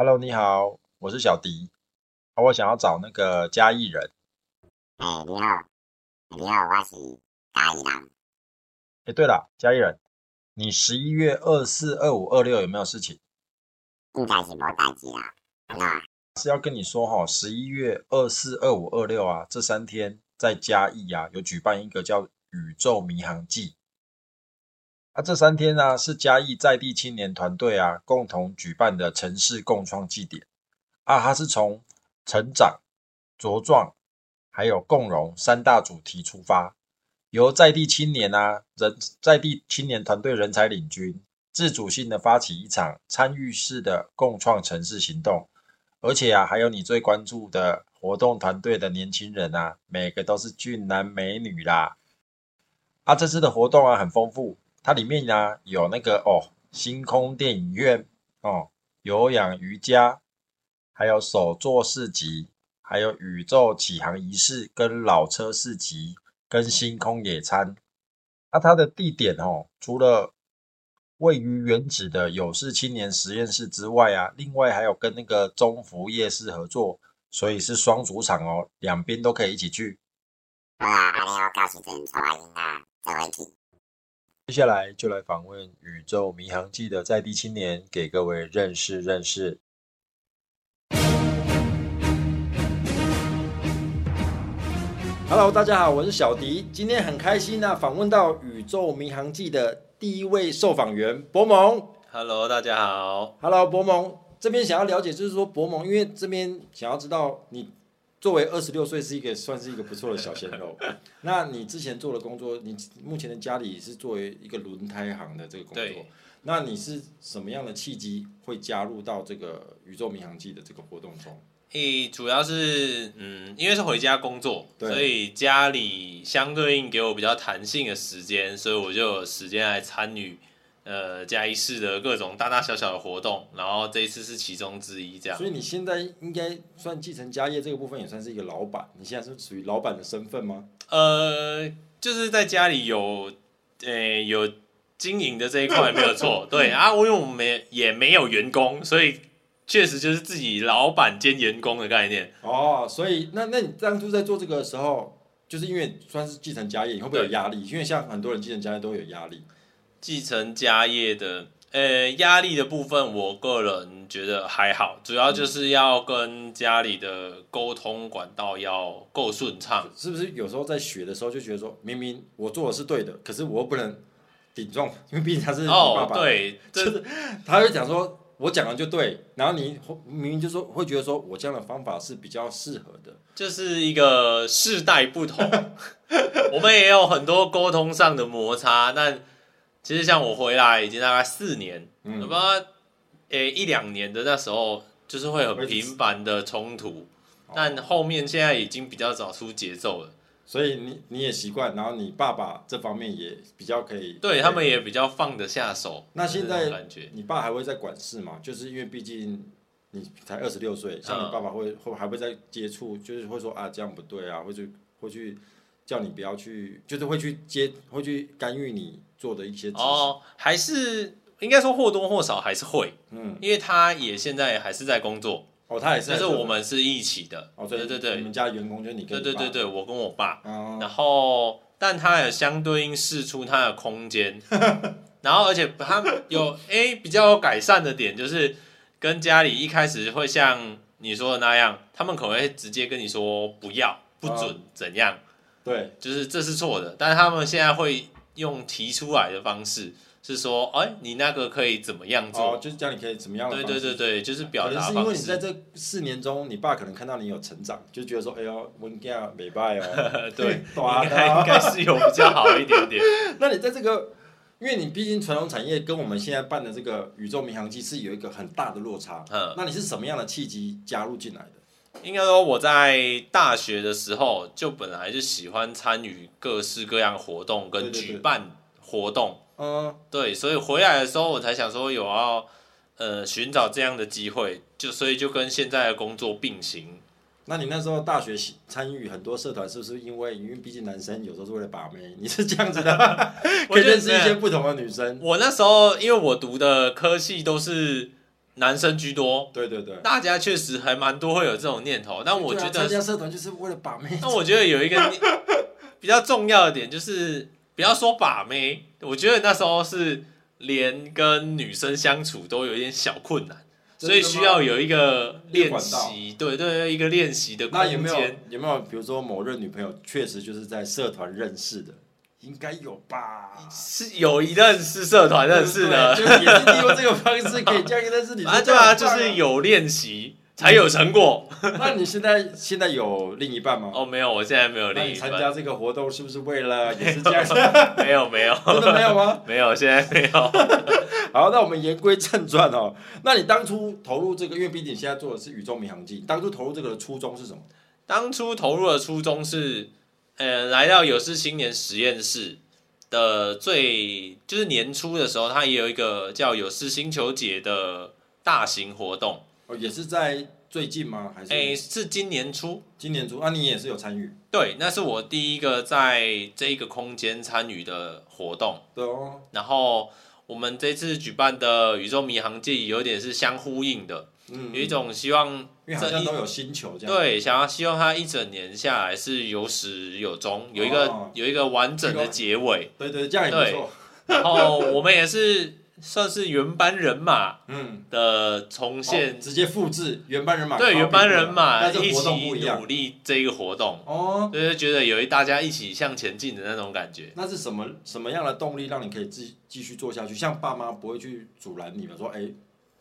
Hello，你好，我是小迪，我想要找那個嘉義人。哎、欸，你好，你好，我是嘉義人。哎、欸，對了，嘉義人，你十一月二四、二五、二六有沒有事情？你在做代機啊？是要跟你說哈、哦，十一月二四、二五、二六啊，這三天在嘉義啊，有舉辦一個叫《宇宙迷航祭》。啊、這三天呢、啊，是嘉義在地青年團隊啊共同舉辦的城市共創祭典啊，它是從成長、茁壯，還有共融三大主題出發，由在地青年啊人，在地青年團隊人才領軍，自主性的發起一場參與式的共創城市行動，而且啊，還有你最關注的活動團隊的年輕人啊，每個都是俊男美女啦，啊，這次的活動啊很豐富。它裡面呢、啊、有那個哦，星空電影院哦，有氧瑜伽，還有手作市集，還有宇宙啟航儀式跟老車市集跟星空野餐。那、啊、它的地點哦，除了位於原址的有事青年實驗室之外啊，另外還有跟那個中服夜市合作，所以是雙主場哦，兩邊都可以一起去。嗯啊啊您接下來就來訪問《宇宙迷航祭》的在地青年，給各位認識認識。Hello，大家好，我是小迪，今天很開心呢、啊，訪問到《宇宙迷航祭》的第一位受訪員伯蒙。Hello，大家好。Hello，伯蒙，這邊想要了解，就是說伯蒙，因為這邊想要知道你。作為二十六歲是一個算是一個不錯的小鮮肉， 那你之前做的工作，你目前的家裡是作為一個輪胎行的這個工作，對那你是什麼樣的契機會加入到這個宇宙迷航祭的這個活動中？誒，主要是嗯，因為是回家工作，對所以家裡相對應給我比較彈性的時間，所以我就有時間來參與。呃，嘉義市的各種大大小小的活動，然後這一次是其中之一，這樣。所以你現在應該算繼承家業這個部分，也算是一個老板。你現在是,是屬於老板的身份嗎？呃，就是在家裡有，呃，有經營的這一塊也沒有錯。 對啊，因為我們沒也沒有員工，所以確實就是自己老板兼員工的概念。哦，所以那那你當初在做這個的時候，就是因為算是繼承家業，你會不會有壓力？對因為像很多人繼承家業都有壓力。繼承家業的呃壓力的部分，我個人覺得還好，主要就是要跟家裡的溝通管道要夠順暢，嗯、是不是？有時候在學的時候就覺得說，明明我做的是對的，可是我又不能頂撞，因為畢竟他是老板。哦，對，就是他就講說，我講的就對，然後你明明就說會覺得說我這樣的方法是比較適合的，這是一個世代不同， 我們也有很多溝通上的摩擦，但……其實像我回來已經大概四年，那麼、嗯，誒、欸、一兩年的那時候就是會很頻繁的衝突，止但後面現在已經比較找出節奏了，所以你你也習慣，然後你爸爸這方面也比較可以，對，對他們也比較放得下手。那現在感覺你爸還會在管事嗎？就是因為畢竟你才二十六歲，嗯、像你爸爸會會，會還會在接觸，就是會說啊這樣不對啊，會去會去。叫你不要去，就是會去接，會去干預你做的一些事情。哦，還是應該說或多或少還是會，嗯，因為他也現在還是在工作。哦，他也是，但是我們是一起的。哦，對對對，你們家員工就是你，跟。對，對對對，我跟我爸。哦。然後，但他也相對應釋出他的空間。嗯、 然後，而且他有 A、欸、比較有改善的點，就是跟家裡一開始會像你說的那樣，他們可能會直接跟你說不要、不准、哦、怎樣。對，就是這是錯的，但是他們現在會用提出來的方式，是說，哎，你那個可以怎麼樣做？哦、就是叫你可以怎麼樣做？對對對對，就是表達方式。可能是因為你在這四年中，你爸可能看到你有成長，就覺得說，哎呦，溫家美拜哦， 對，哦、應該應該是有比較好一點點。 那你在這個，因為你畢竟傳統產業跟我們現在辦的這個宇宙迷航祭是有一個很大的落差，嗯，那你是什麼樣的契機加入進來的？應該說，我在大學的時候就本來就喜歡參與各式各樣活動跟舉辦活動。嗯，對，所以回來的時候我才想說有要呃尋找這樣的機會，就所以就跟現在的工作並行。那你那時候大學參與很多社團，是不是因為因為畢竟男生有時候是為了把妹？你是這樣子的嗎？ 可以認識一些不同的女生。我那時候因為我讀的科系都是。男生居多，對對對，大家確實還蠻多會有這種念頭，但我覺得對對、啊、參加社團就是為了把妹。那我覺得有一個 比較重要的點就是，不要說把妹，我覺得那時候是連跟女生相處都有一點小困難，所以需要有一個練習，對對，一個練習的空間。有沒有？有沒有？比如說某任女朋友確實就是在社團認識的。應該有吧，是有一任是社團認識的，對對，就是、也就是利用這個方式可以交一個，認識你是啊，對啊，就是有練習才有成果。 那你現在現在有另一半嗎？哦，沒有，我現在沒有另一半。你參加這個活動是不是為了也是這樣？沒有沒有，真的沒有嗎？沒有，現在沒有。 好，那我們言歸正傳哦。那你當初投入這個，因為畢竟你現在做的是宇宙迷航祭，當初投入這個的初衷是什麼？當初投入的初衷是。呃，來到有事青年實驗室的最就是年初的時候，它也有一個叫“有事星球節”的大型活動，哦，也是在最近嗎？還是誒、哎，是今年初，今年初，啊，你也是有參與？對，那是我第一個在這一個空間參與的活動。對哦，然後我們這次舉辦的宇宙迷航祭有點是相呼應的。嗯，有一種希望，因為好像都有星球這樣。對，想要希望它一整年下來是有始有終，有一個有一個完整的結尾。對對，這樣也不錯。然後我們也是算是原班人馬，嗯的重現，直接複製原班人馬，對，原班人馬一起努力這個活動。哦，就是覺得有一大家一起向前進的那種感覺。那是什麼什麼樣的動力讓你可以繼繼續做下去？像爸媽不會去阻攔你嗎？說哎。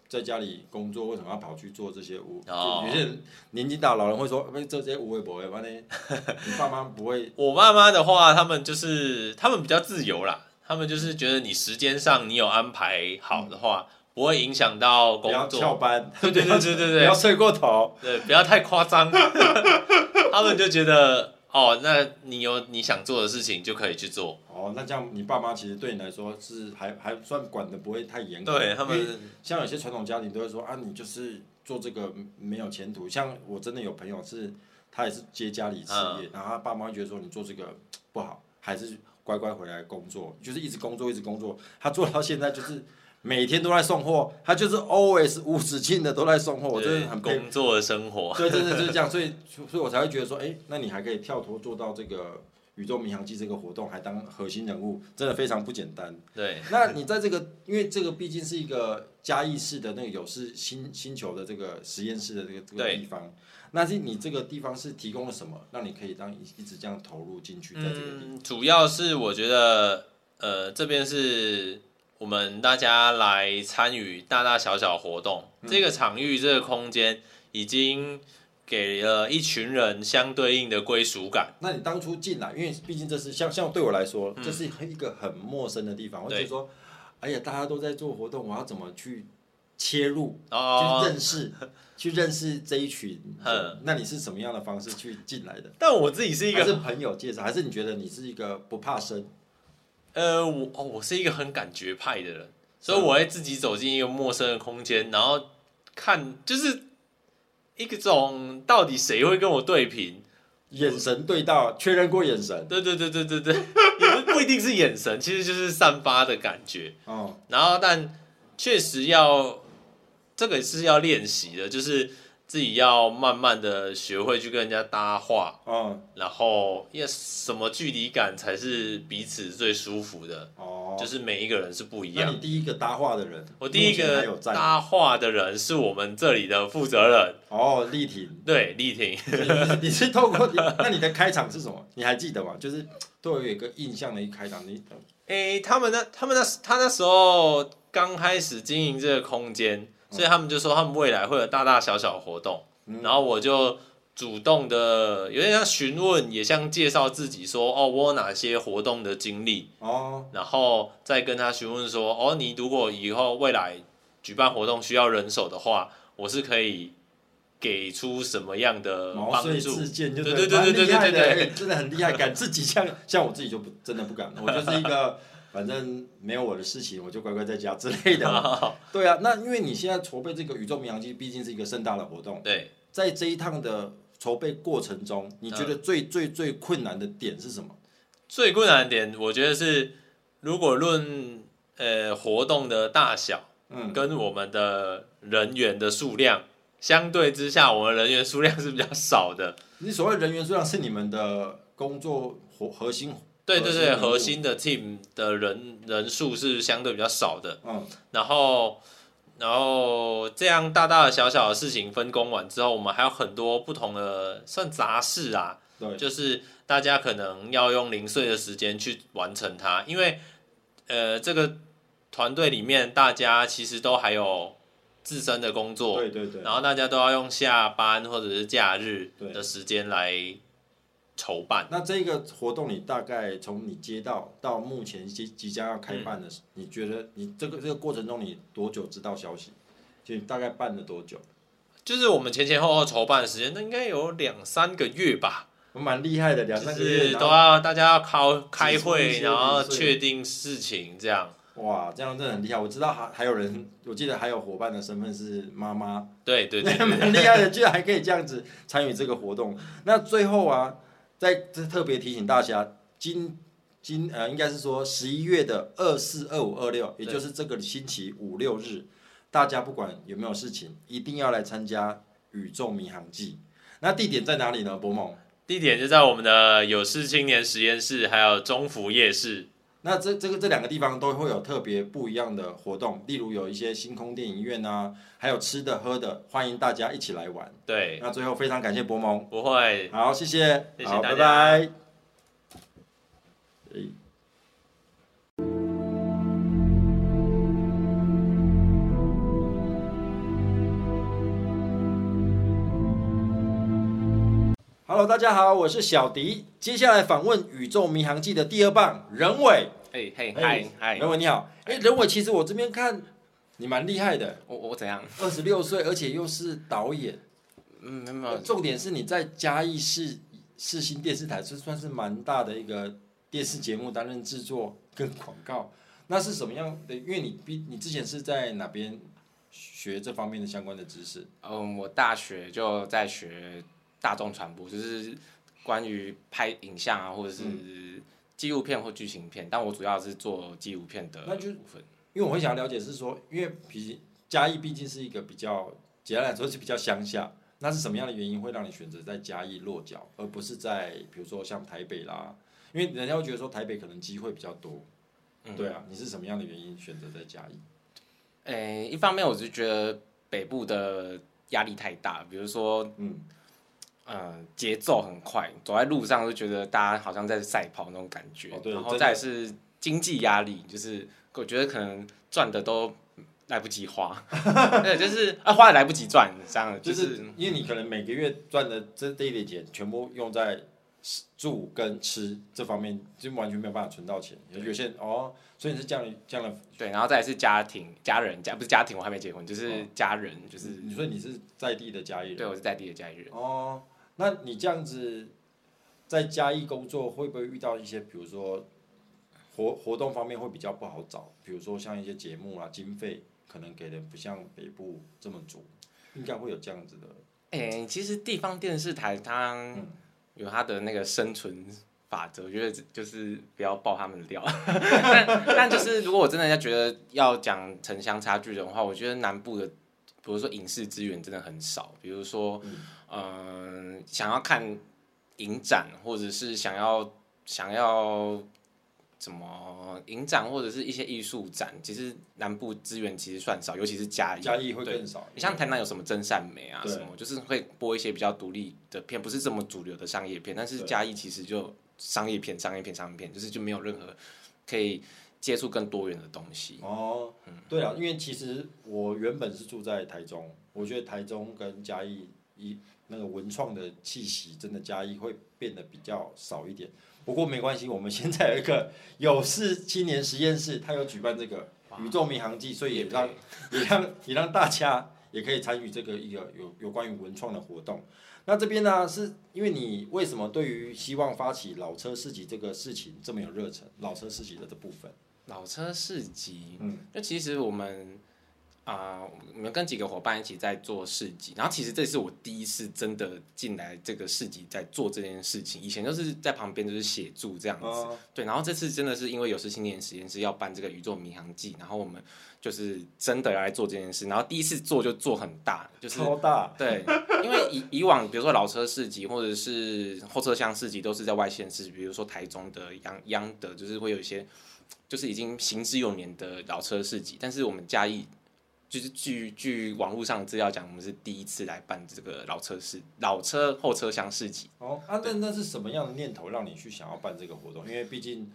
在家裡工作，為什麼要跑去做這些？屋？我、oh. 有些人年紀大，老人會說：“做這些無謂不會嗎？你 你爸媽不會？”我爸媽的話，他們就是他們比較自由啦，他們就是覺得你時間上你有安排好的話，嗯、不會影響到工作。不要翹班，對對，對對對對對，不要睡過頭，對，不要太誇張。 他們就覺得哦，那你有你想做的事情就可以去做。哦，那這樣你爸媽其實對你來說是還還算管得不會太嚴格，對，他們像有些傳統家庭都會說啊，你就是做這個沒有前途。像我真的有朋友是，他也是接家裡企業，啊、然後他爸媽會覺得說你做這個不好，還是乖乖回來工作，就是一直工作一直工作。他做到現在就是每天都在送貨，他就是 always 無止境的都在送貨，我真的對很工作的生活。對對對，就是這樣，所以所以，我才會覺得說，哎，那你還可以跳脫做到這個。宇宙迷航祭這個活動還當核心人物，真的非常不簡單。對，那你在這個，因為這個畢竟是一個嘉義市的那個有事星星球的這個實驗室的這個這個地方，對那是你這個地方是提供了什麼，讓你可以當一直這樣投入進去在這個地方？嗯，主要是我覺得，呃，這邊是我們大家來參與大大小小活動，嗯、這個場域、這個空間已經。給了一群人相對應的歸屬感。那你當初進來，因為畢竟這是像像對我來說，嗯、這是一個很陌生的地方。對我只是說，哎呀，大家都在做活動，我要怎麼去切入，哦、去認識，去認識這一群呵？那你是什麼樣的方式去進來的？但我自己是一個是朋友介紹，還是你覺得你是一個不怕生？呃，我、哦、我是一個很感覺派的人，對所以我會自己走進一個陌生的空間，然後看就是。一個種到底誰會跟我對屏？眼神對到確我認過眼神？對對對對對對，也不,不一定是眼神， 其實就是散發的感覺。嗯，然後但確實要這個是要練習的，就是。自己要慢慢的學會去跟人家搭話，嗯，然後要、yes, 什麼距離感才是彼此最舒服的，哦，就是每一個人是不一樣的。那你第一個搭話的人，我第一個搭話的人是我們這裡的負責人，哦，立庭，對，立庭。 你是透過，那你的開場是什麼？你還記得嗎？就是都有一個印象的一開場，你等，哎、欸，他們那他們那他那時候剛開始經營這個空間。嗯所以他們就說他們未來會有大大小小的活動，嗯、然後我就主動的有點像詢問，嗯、也像介紹自己說哦我有哪些活動的經歷哦，然後再跟他詢問說哦你如果以後未來舉辦活動需要人手的話，我是可以給出什麼樣的幫助事件，對，對對對對對對，對， 真的很厲害，敢自己像 像我自己就不真的不敢，我就是一個。反正沒有我的事情，我就乖乖在家之類的。哦、對啊，那因為你現在籌備這個宇宙謎航祭，畢竟是一個盛大的活動。對，在這一趟的籌備過程中，你覺得最最最困難的點是什麼？嗯、最困難的點，我覺得是如果論呃活動的大小，嗯，跟我們的人員的數量相對之下，我們人員數量是比較少的。你所謂人員數量，是你們的工作夥、核心夥。對對對，核心的 team 的人人數是相對比較少的。嗯，然後，然後這樣大大的、小小的、事情，分工完之後，我們還有很多不同的算雜事啊。對就是大家可能要用零碎的時間去完成它，因為，呃，這個團隊裡面大家其實都還有自身的工作。對對對。然後大家都要用下班或者是假日的時間來籌辦。那這個活動，你大概從你接到到目前即即將要開辦的時、嗯、你覺得你這個這個過程中你多久知道消息？就大概辦了多久？就是我們前前後後籌辦的時間，那應該有兩三個月吧。我蠻厲害的，兩三個月、就是、後都要大家要開開會，然後確定事情這樣。哇，這樣真的很厲害！我知道還還有人，我記得還有夥伴的身份是媽媽。對對對，很 厲害的，居然還可以這樣子參與這個活動。 那最後啊。在這特別提醒大家，今今呃，應該是說十一月的二四對、二五、二六，也就是這個星期五六日，大家不管有沒有事情，一定要來參加《宇宙迷航祭》。那地點在哪裡呢？博猛，地點就在我們的有事青年實驗室，還有中福夜市。那這這個這兩個地方都會有特別不一樣的活動，例如有一些星空電影院啊，還有吃的喝的，歡迎大家一起來玩。對，那最後非常感謝博萌，不會，好，謝謝，好，謝謝拜拜。對 Hello，大家好，我是小迪，接下來訪問《宇宙迷航祭》的第二棒任偉。人尾哎嗨嗨，仁偉你好！哎，仁偉，其實我這邊看你蠻厲害的，我我怎樣？二十六歲，而且又是導演，嗯，沒錯。重點是你在嘉義市市新電視台，這算是蠻大的一個電視節目，擔任製作跟廣告，那是什麼樣的？因為你比你之前是在哪邊學這方面的相關的知識？嗯，我大學就在學大眾傳播，就是關於拍影像啊，或者是、嗯。紀錄片或劇情片，但我主要是做紀錄片的部分。那就因為我會想要了解是說，因為比嘉義畢竟是一個比較，簡單來說是比較鄉下，那是什麼樣的原因會讓你選擇在嘉義落腳，而不是在比如說像台北啦？因為人家會覺得說台北可能機會比較多。嗯、對啊，你是什麼樣的原因選擇在嘉義？誒、欸，一方面我是覺得北部的壓力太大，比如說，嗯。呃，嗯、節奏很快，走在路上就覺得大家好像在賽跑那種感覺。哦、然後再來是經濟壓力，就是我覺得可能賺的都來不及花， 對，就是啊花的來不及賺這樣、就是。就是因為你可能每個月賺的這一點錢，全部用在住跟吃這方面，就完全沒有辦法存到錢。有些對哦，所以你是這樣這樣了對。然後再來是家庭家人家不是家庭，我還沒結婚，就是家人，哦、就是你說你是在地的家人，對我是在地的家人哦。那你這樣子，在嘉義工作會不會遇到一些，比如說活活動方面會比較不好找，比如說像一些節目啊，經費可能給的不像北部這麼足，應該會有這樣子的。哎、欸，其實地方電視台它有它的那個生存法則，就是、嗯、就是不要爆他們的料。 但 但就是如果我真的要覺得要講城鄉差距的話，我覺得南部的，比如說影視資源真的很少，比如說。嗯嗯，想要看影展，或者是想要想要怎麼影展，或者是一些藝術展，其實南部資源其實算少，尤其是嘉義，嘉義會更少。你對對像台南有什麼真善美啊，什麼對就是會播一些比較獨立的片，不是這麼主流的商業片，但是嘉義其實就商業片、商業片、商業片，就是就沒有任何可以接觸更多元的東西。哦，嗯，對啊，因為其實我原本是住在台中，我覺得台中跟嘉義一。那個文創的氣息真的加一會變得比較少一點，不過沒關係，我們現在有一個有事青年實驗室，它有舉辦這個宇宙迷航祭，所以也讓也讓也讓大家也可以參與這個一個有有關於文創的活動。那，這邊呢，是因為你為什麼對於希望發起老車市集這個事情這麼有熱忱？老車市集的這部分，老車市集，嗯，那其實我們。啊，uh, 我們跟幾個夥伴一起在做市集，然後其實這是我第一次真的進來這個市集，在做這件事情。以前都是在旁邊就是協助這樣子，uh. 對。然後這次真的是因為有事青年實驗室要辦這個宇宙謎航祭，然後我們就是真的要來做這件事。然後第一次做就做很大，就是超大，對。因為以以往比如說老車市集或者是後車廂市集都是在外縣市，比如說台中的央央的，就是會有一些就是已經行之有年的老車市集，但是我們嘉義。就是據據網絡上資料講，我們是第一次來辦這個老車市、老車後車廂市集。哦，啊，那對那是什麼樣的念頭讓你去想要辦這個活動？因為畢竟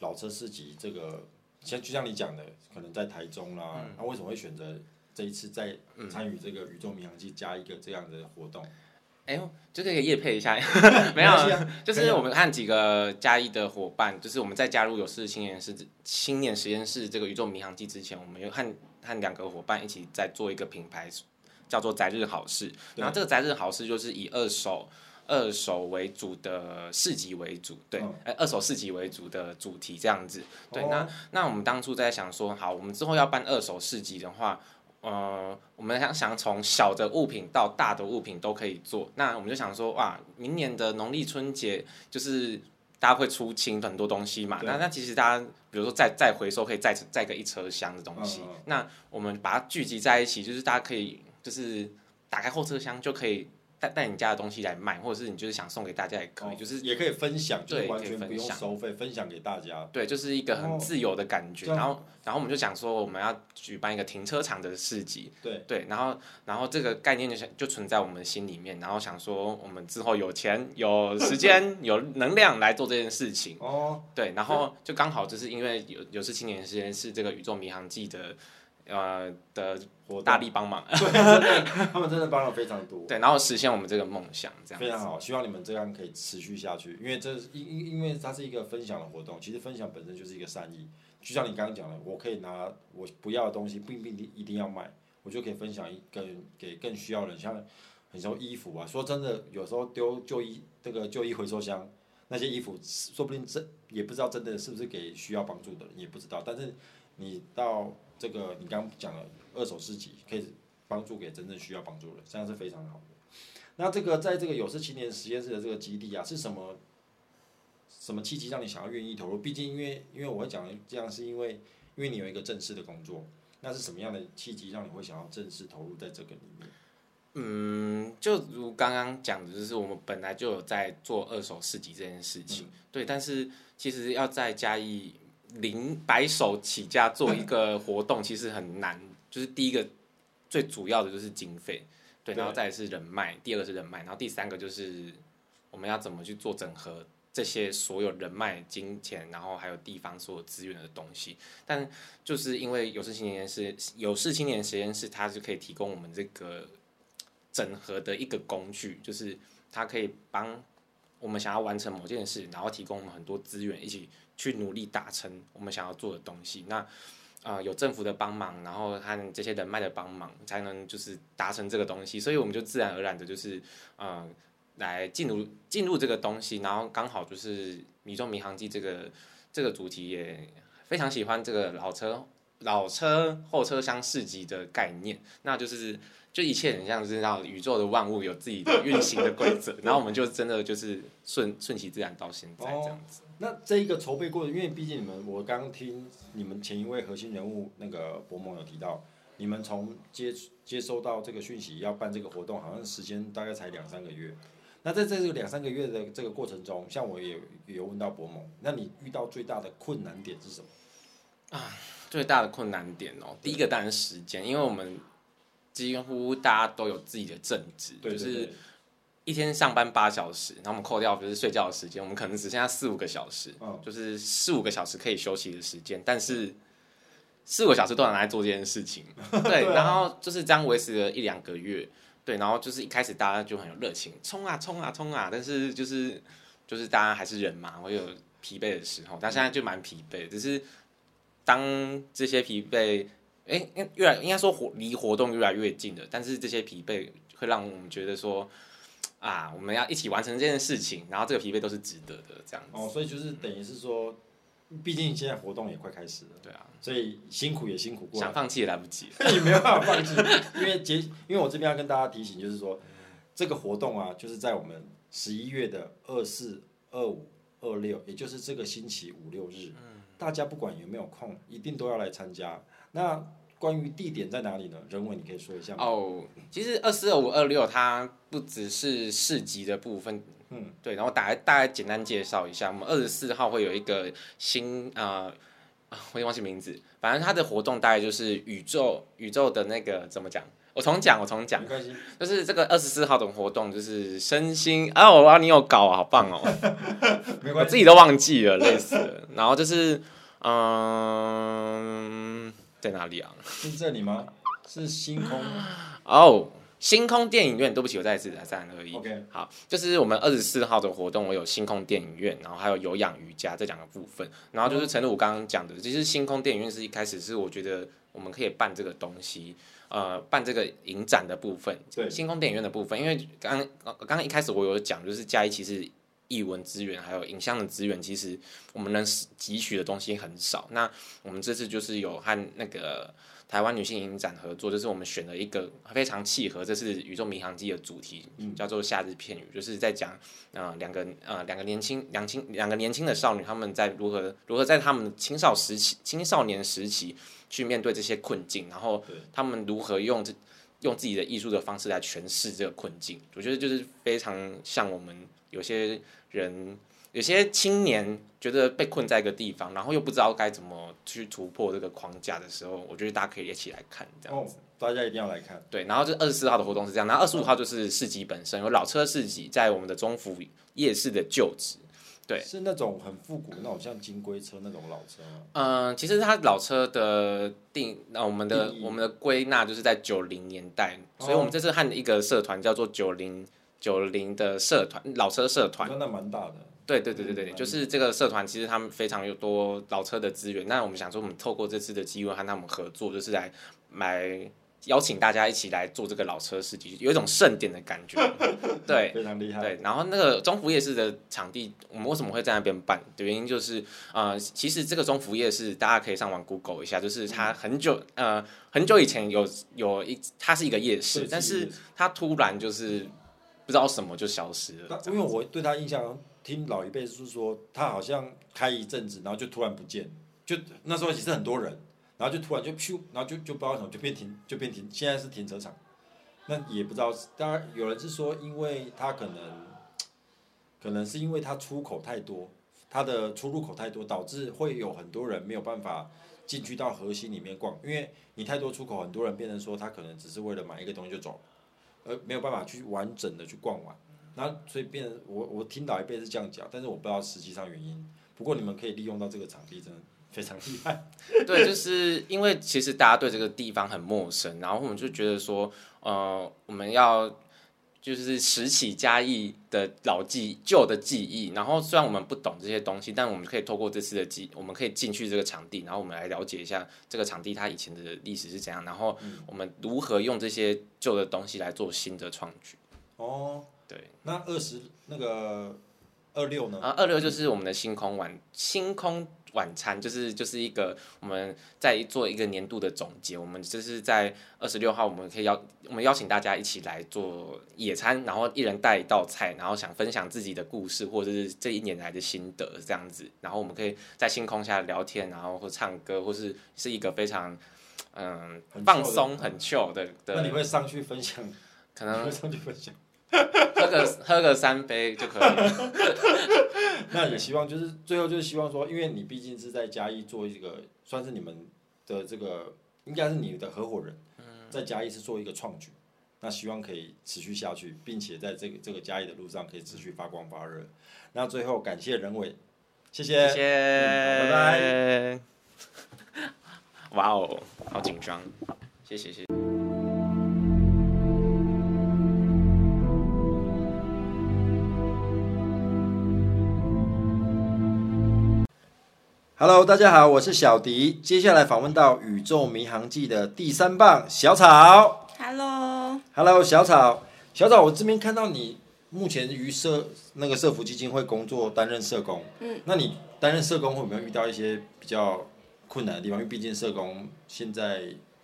老車市集這個，像就像你講的，可能在台中啦、啊，嗯、那為什麼會選擇這一次再參與這個宇宙迷航祭加一個這樣的活動？哎呦，就這個業配一下， 沒有、啊， 就是我們和幾個嘉義的伙伴，啊、就是我們在加入有事青年室青年實驗室這個宇宙迷航祭之前，我們有看。和兩個伙伴一起在做一個品牌，叫做“宅日好市”對。然後這個“宅日好市”就是以二手、二手為主的市集為主，對，哦、二手市集為主的主題這樣子。對，哦、那那我們當初在想說，好，我們之後要辦二手市集的話，嗯、呃，我們想想從小的物品到大的物品都可以做。那我們就想說，哇，明年的農曆春節就是。大家會出清很多東西嘛，對那，那其實大家比如說再再回收可以再再個一車廂的東西，哦哦，那我們把它聚集在一起，就是大家可以就是打開後車廂就可以，帶你家的東西來賣，或者是你就是想送給大家也可以，就是也可以分享，對，就完全不用收費，分享給大家，對，就是一個很自由的感覺。哦、然後，然後我們就想說，我們要舉辦一個停車場的市集，對對。然後，然後這個概念就就存在我們心裡面，然後想說，我們之後有錢、有時間、對有能量來做這件事情哦。對，然後就剛好就是因為有有事、就是、青年時間是這個宇宙迷航祭的。呃、uh, 的大力幫忙， 對，他們真的，他們真的幫了非常多。對，然後實現我們這個夢想，這樣非常好。希望你們這樣可以持續下去，因為這因因因為它是一個分享的活動，其實分享本身就是一個善意。就像你剛剛講的，我可以拿我不要的東西，並不一定一定要賣，我就可以分享一個給更需要的人。像很多衣服啊，說真的，有時候丟舊衣，這個舊衣回收箱那些衣服，說不定真也不知道真的是不是給需要幫助的人，也不知道。但是你到這個你剛剛講了二手市集，可以幫助給真正需要幫助的人，這樣是非常的好的。那這個在這個有事青年實驗室的這個基地啊，是什麼什麼契機讓你想要願意投入？畢竟因為因為我會講的這樣是因為因為你有一個正式的工作，那是什麼樣的契機讓你會想要正式投入在這個裡面？嗯，就如剛剛講的，就是我們本來就有在做二手市集這件事情，嗯、對，但是其實要再加以。零白手起家做一個活動其實很難， 就是第一個最主要的就是經費，對，然後再是人脈，對第二個是人脈，然後第三個就是我們要怎麼去做整合這些所有人脈、金錢，然後還有地方所有資源的東西。但就是因為有事青年實驗室是有事青年實驗室，它就可以提供我們這個整合的一個工具，就是它可以幫我們想要完成某件事，然後提供我們很多資源一起。去努力達成我們想要做的東西，那，啊、呃，有政府的幫忙，然後和這些人脈的幫忙，才能就是達成這個東西。所以我們就自然而然的就是，呃，來進入進入這個東西，然後剛好就是迷中謎航祭這個這個主題也非常喜歡這個老車老車後車廂市集的概念，那就是。就一切很像，知道宇宙的萬物有自己的運行的規則， 對 然後我們就真的就是順順其自然到現在這樣子。哦、那這一個籌備過程，因為畢竟你們，我剛剛聽你們前一位核心人物那個博猛有提到，你們從接接收到這個訊息要辦這個活動，好像時間大概才兩三個月。那在這兩三個月的這個過程中，像我也也問到博猛，那你遇到最大的困難點是什麼？啊，最大的困難點哦、喔，對第一個當然時間，因為我們。幾乎大家都有自己的正職，對對對就是一天上班八小時，那我們扣掉就是睡覺的時間，我們可能只剩下四五個小時，哦、就是四五個小時可以休息的時間，但是四五個小時都能來做這件事情， 對，對啊、然後就是這樣維持了一兩個月，對，然後就是一開始大家就很有熱情，衝啊衝啊衝啊，衝啊，但是就是就是大家還是人嘛，會有疲憊的時候，但現在就蠻疲憊，只是當這些疲憊。哎，越來應該說活離活動越來越近了，但是這些疲憊會讓我們覺得說，啊，我們要一起完成這件事情，然後這個疲憊都是值得的這樣子。哦，所以就是等於是說，嗯、畢竟現在活動也快開始了。對啊，所以辛苦也辛苦過，想放棄也來不及， 也沒有辦法放棄。因為節，因為我這邊要跟大家提醒，就是說、嗯、這個活動啊，就是在我們十一月的二四、二五、二六，也就是這個星期五六日，嗯、大家不管有沒有空，一定都要來參加。那關於地點在哪裡呢？人文，你可以說一下嗎？哦，oh, 其實二四二五二六它不只是市集的部分，嗯，對。然後大概大概簡單介紹一下，我們二十四號會有一個新啊、呃，我已經忘記名字，反正它的活動大概就是宇宙宇宙的那個怎麼講？我重講，我重講，就是這個二十四號的活動就是身心啊，我啊，你有搞啊，好棒哦， 沒關係，我自己都忘記了，累死了。然後就是嗯。呃在哪裡啊？是這裡嗎？ 是星空哦，oh, 星空電影院。對不起，我再一次三二一。Okay. 好，就是我們二十四號的活動，我有星空電影院，然後還有有氧瑜伽這兩個部分。然後就是陳魯剛剛講的，其、就是星空電影院是一開始是我覺得我們可以辦這個東西，呃，辦這個影展的部分，對，星空電影院的部分，因為剛剛剛一開始我有講，就是嘉義其實藝文資源還有影像的資源，其實我們能汲取的東西很少。那我們這次就是有和那個台灣女性影展合作，就是我們選了一個非常契合，這是宇宙迷航祭的主題，叫做《夏日片語》嗯，就是在講啊兩個啊兩、呃、個年輕、兩青、兩個年輕的少女，他們在如何如何在他們青少時期、青少年時期去面對這些困境，然後他們如何用這用自己的藝術的方式來詮釋這個困境。我覺得就是非常像我們有些。人有些青年覺得被困在一個地方，然後又不知道該怎麼去突破這個框架的時候，我覺得大家可以一起來看這樣、哦。大家一定要來看。對，然後這二十四號的活動是這樣，然後二十五號就是市集本身，有老車市集在我們的中福夜市的舊址。對，是那種很復古的，那好像金龜車那種老車。嗯，其實它老車的定，那、呃、我們的定我們的歸納就是在九零年代，哦、所以我們這次和一個社團叫做九零。九零的社團老車社團，那蠻大的。對對對對對，是就是這個社團，其實他們非常有多老車的資源。那我們想說，我們透過這次的機會和他們合作，就是來來邀請大家一起來做這個老車市集，有一種盛典的感覺。 對，非常厲害。對，然後那個中福夜市的場地，我們為什麼會在那邊辦？的原因就是，呃，其實這個中福夜市大家可以上網 Google 一下，就是它很久呃很久以前有有一它是一個夜市，是夜市，但是它突然就是。嗯不知道什麼就消失了，因為我對他印象聽老一輩是說，他好像開一陣子，然後就突然不見，就那時候也是很多人，然後就突然就咻，然後就就不知道什麼就變停，就變停，現在是停車場，那也不知道，當然有人是說，因為他可能，可能是因為他出口太多，他的出入口太多，導致會有很多人沒有辦法進去到核心裡面逛，因為你太多出口，很多人變成說他可能只是為了買一個東西就走了。而沒有辦法去完整的去逛完，那所以變成我我聽到一輩子這樣講，但是我不知道實際上原因。不過你們可以利用到這個場地，真的非常厲害。 對，就是因為其實大家對這個地方很陌生，然後我們就覺得說，呃，我們要。就是拾起嘉義的老技舊的技藝，然後雖然我們不懂這些東西，但我們可以透過這次的機，我們可以進去這個場地，然後我們來了解一下這個場地它以前的歷史是怎樣，然後我們如何用這些舊的東西來做新的創舉。哦，對，那二十那個二六呢？啊，二六就是我們的星空玩星空。晚餐，就是就是一個我們在做一個年度的總結，我們就是在二十六號我們可以邀我們邀請大家一起來做野餐，然後一人帶一道菜，然後想分享自己的故事或者是這一年來的心得這樣子，然後我們可以在星空下聊天，然後或唱歌，或是是一個非常嗯秀放鬆嗯很 chill 的。那你會上去分享？可能你會上去分享。喝個喝個三杯就可以了， 那也希望就是最後就是希望說，因為你畢竟是在嘉義做一個，算是你們的這個應該是你的合夥人，在嘉義是做一個創舉，嗯、那希望可以持續下去，並且在這個這個嘉義的路上可以持續發光發熱。那最後感謝人偉謝、嗯 wow，謝謝，謝謝，拜拜。哇哦，好緊張，謝，謝謝。Hello，大家好，我是小迪。接下來訪問到《宇宙謎航祭》的第三棒小草。Hello，Hello，小草，小草，我這邊看到你目前於社、那個社福基金會工作，擔任社工。嗯，那你擔任社工會不會遇到一些比較困難的地方？因為畢竟社工現在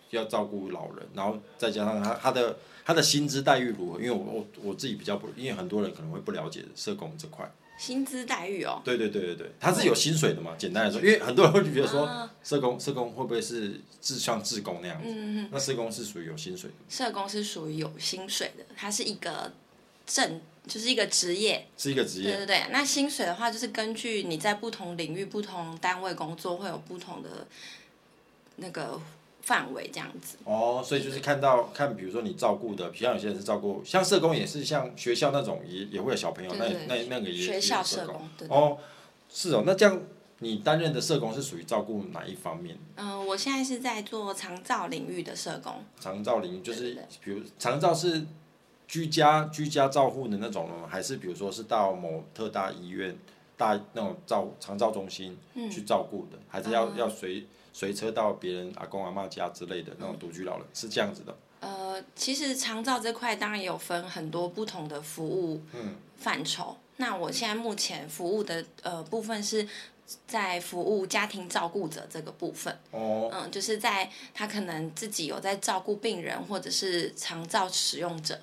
要照顧老人，然後再加上他他的他的薪資待遇如何？因為我我我自己比較不，因為很多人可能會不了解社工這塊。薪資待遇哦，對對對對對，他是有薪水的嘛？對簡單來說，因為很多人會覺得說，嗯啊、社工社工會不會是是像志工那樣子？嗯嗯嗯，那社工是屬於有薪水的。社工是屬於有薪水的，他是一個正，就是一個職業，是一個職業。對對對、啊，那薪水的話，就是根據你在不同領域、不同單位工作，會有不同的那個。範圍這樣子哦，所以就是看到是的看，比如說你照顧的，像有些人是照顧，像社工也是，像學校那種也也會有小朋友，對對對那那那個也是學校社工對哦，是哦，那這樣你擔任的社工是屬於照顧哪一方面？嗯、呃，我現在是在做長照領域的社工，長照領域就是，比如長照是居家居家照護的那種呢還是比如說是到某特大醫院大那種照長照中心去照顧的？嗯、還是要、嗯、要隨？隨車到別人阿公阿媽家之類的那種獨居老人、嗯、是這樣子的。呃，其實長照這塊當然有分很多不同的服務範疇。嗯、那我現在目前服務的呃部分是在服務家庭照顧者這個部分。哦。嗯、呃，就是在他可能自己有在照顧病人或者是長照使用者。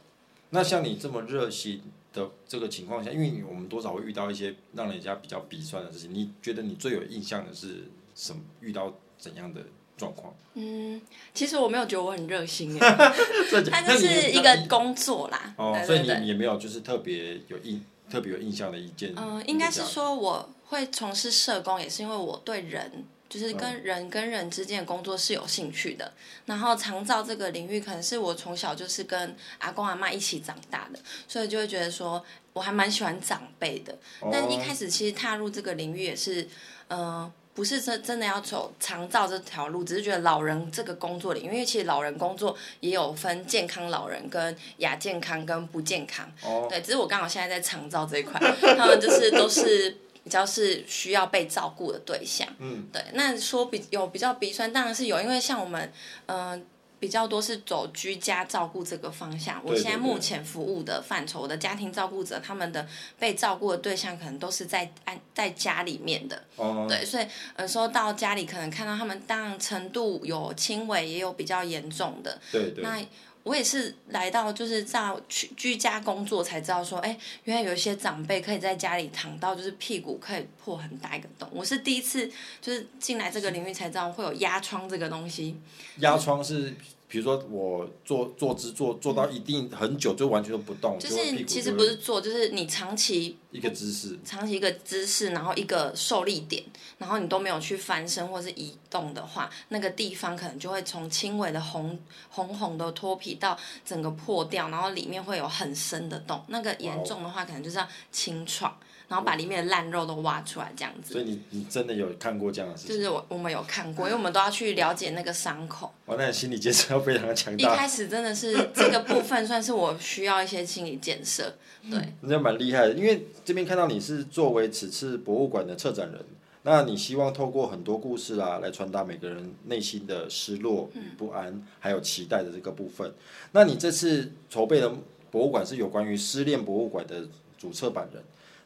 那像你這麼熱心的這個情況下，因為我們多少會遇到一些讓人家比較鼻酸的事情。你覺得你最有印象的是什麼？遇到？怎樣的狀況？嗯，其實我沒有覺得我很熱心耶，它 講就是一個工作啦。哦，對對，所以你也沒有就是特別有印、特別有印象的一件事。嗯，應該是說我會從事社工，嗯、也是因為我對人，就是跟人跟人之間的工作是有興趣的。嗯、然後長照這個領域，可能是我從小就是跟阿公阿媽一起長大的，所以就會覺得說我還蠻喜歡長輩的。哦、但一開始其實踏入這個領域也是，嗯、呃。不是真的要走長照這條路，只是覺得老人這個工作裡，因為其實老人工作也有分健康老人跟亞健康跟不健康，oh. 對，只是我剛好現在在長照這一塊，他們就是都是比較是需要被照顧的對象，嗯， 對，那說比有比較鼻酸，當然是有，因為像我們，嗯、呃。比較多是走居家照顧這個方向。我現在目前服務的範疇，的家庭照顧者他們的被照顧的對象可能都是在安在家裡面的，對，所以呃說到家裡，可能看到他們當然程度有輕微，也有比較嚴重的，對，那。我也是來到，就是在居居家工作才知道說，哎，原來有一些長輩可以在家裡躺到，就是屁股可以破很大一個洞。我是第一次就是進來這個領域才知道會有壓瘡這個東西。壓瘡是。比如說我坐坐姿坐坐到一定很久就完全都不動，就是就就其實不是坐，就是你長期一個姿勢，長期一個姿勢，然後一個受力點，然後你都沒有去翻身或是移動的話，那個地方可能就會從輕微的紅紅紅的脫皮到整個破掉，然後裡面會有很深的洞。那個嚴重的話，可能就是要清創。然後把裡面的爛肉都挖出來，這樣子。所以你你真的有看過這樣的事情？就是我我們有看過，因為我們都要去了解那個傷口。哇、哦，那你心理建設要非常強大。一開始真的是這個部分算是我需要一些心理建設，對。那真的、嗯、蠻厲害的，因為這邊看到你是作為此次博物館的策展人，那你希望透過很多故事啊來傳達每個人內心的失落、不安、嗯、還有期待的這個部分。那你這次籌備的博物館是有關於失戀博物館的主策版人。